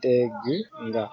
dégg nga